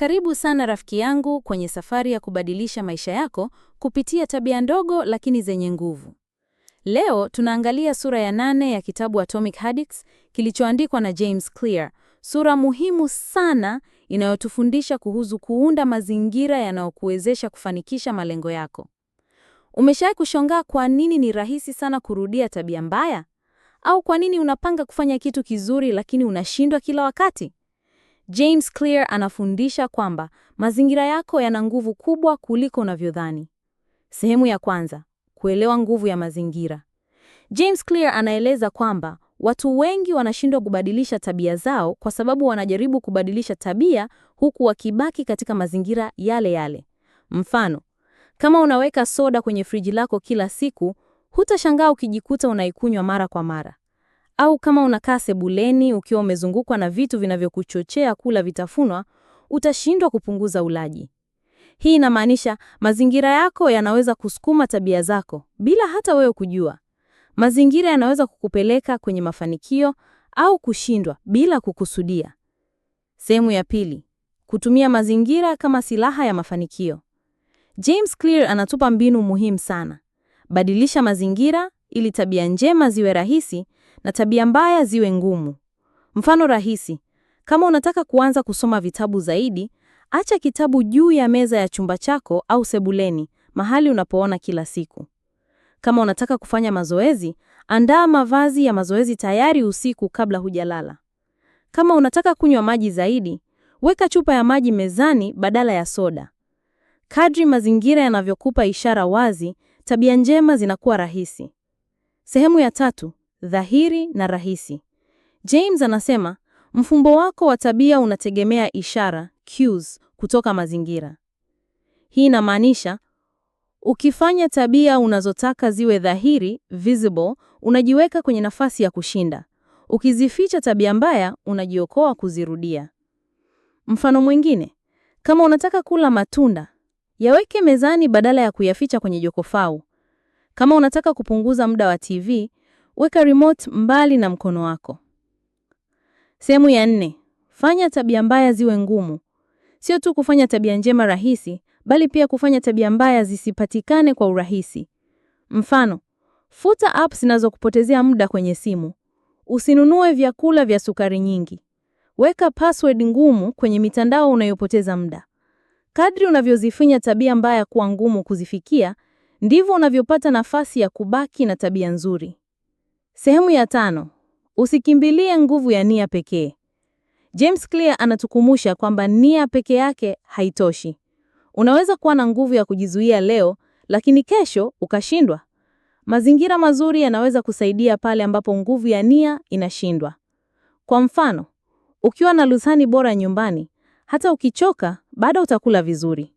Karibu sana rafiki yangu kwenye safari ya kubadilisha maisha yako kupitia tabia ndogo lakini zenye nguvu. Leo tunaangalia sura ya nane ya kitabu Atomic Habits kilichoandikwa na James Clear, sura muhimu sana inayotufundisha kuhusu kuunda mazingira yanayokuwezesha kufanikisha malengo yako. Umeshawahi kushongaa kwa nini ni rahisi sana kurudia tabia mbaya? Au kwa nini unapanga kufanya kitu kizuri lakini unashindwa kila wakati? James Clear anafundisha kwamba mazingira yako yana nguvu kubwa kuliko unavyodhani. Sehemu ya kwanza, kuelewa nguvu ya mazingira. James Clear anaeleza kwamba watu wengi wanashindwa kubadilisha tabia zao kwa sababu wanajaribu kubadilisha tabia huku wakibaki katika mazingira yale yale. Mfano, kama unaweka soda kwenye friji lako kila siku, hutashangaa ukijikuta unaikunywa mara kwa mara. Au kama unakaa sebuleni ukiwa umezungukwa na vitu vinavyokuchochea kula vitafunwa, utashindwa kupunguza ulaji. Hii inamaanisha mazingira yako yanaweza kusukuma tabia zako bila hata wewe kujua. Mazingira yanaweza kukupeleka kwenye mafanikio au kushindwa bila kukusudia. Sehemu ya pili, kutumia mazingira kama silaha ya mafanikio. James Clear anatupa mbinu muhimu sana. Badilisha mazingira ili tabia njema ziwe rahisi na tabia mbaya ziwe ngumu. Mfano rahisi, kama unataka kuanza kusoma vitabu zaidi, acha kitabu juu ya meza ya chumba chako au sebuleni, mahali unapoona kila siku. Kama unataka kufanya mazoezi, andaa mavazi ya mazoezi tayari usiku kabla hujalala. Kama unataka kunywa maji zaidi, weka chupa ya maji mezani badala ya soda. Kadri mazingira yanavyokupa ishara wazi, tabia njema zinakuwa rahisi. Sehemu ya tatu: dhahiri na rahisi. James anasema mfumbo wako wa tabia unategemea ishara cues kutoka mazingira. Hii inamaanisha ukifanya tabia unazotaka ziwe dhahiri visible, unajiweka kwenye nafasi ya kushinda. Ukizificha tabia mbaya, unajiokoa kuzirudia. Mfano mwingine, kama unataka kula matunda, yaweke mezani badala ya kuyaficha kwenye jokofau. Kama unataka kupunguza muda wa TV, Weka remote mbali na mkono wako. Sehemu ya nne, fanya tabia mbaya ziwe ngumu. Sio tu kufanya tabia njema rahisi, bali pia kufanya tabia mbaya zisipatikane kwa urahisi. Mfano, futa apps zinazokupotezea muda kwenye simu. Usinunue vyakula vya sukari nyingi. Weka password ngumu kwenye mitandao unayopoteza muda. Kadri unavyozifinya tabia mbaya kuwa ngumu kuzifikia, ndivyo unavyopata nafasi ya kubaki na tabia nzuri. Sehemu ya tano: usikimbilie nguvu ya nia pekee. James Clear anatukumusha kwamba nia peke yake haitoshi. Unaweza kuwa na nguvu ya kujizuia leo, lakini kesho ukashindwa. Mazingira mazuri yanaweza kusaidia pale ambapo nguvu ya nia inashindwa. Kwa mfano, ukiwa na lusani bora nyumbani, hata ukichoka bado utakula vizuri.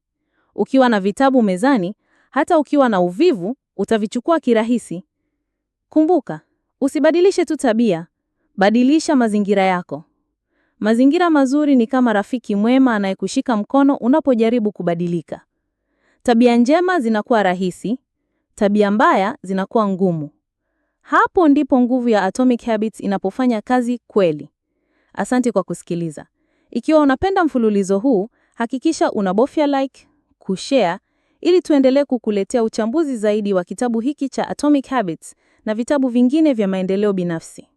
Ukiwa na vitabu mezani, hata ukiwa na uvivu utavichukua kirahisi. Kumbuka, Usibadilishe tu tabia, badilisha mazingira yako. Mazingira mazuri ni kama rafiki mwema anayekushika mkono unapojaribu kubadilika. Tabia njema zinakuwa rahisi, tabia mbaya zinakuwa ngumu. Hapo ndipo nguvu ya Atomic Habits inapofanya kazi kweli. Asante kwa kusikiliza. Ikiwa unapenda mfululizo huu, hakikisha unabofya like, kushare ili tuendelee kukuletea uchambuzi zaidi wa kitabu hiki cha Atomic Habits na vitabu vingine vya maendeleo binafsi.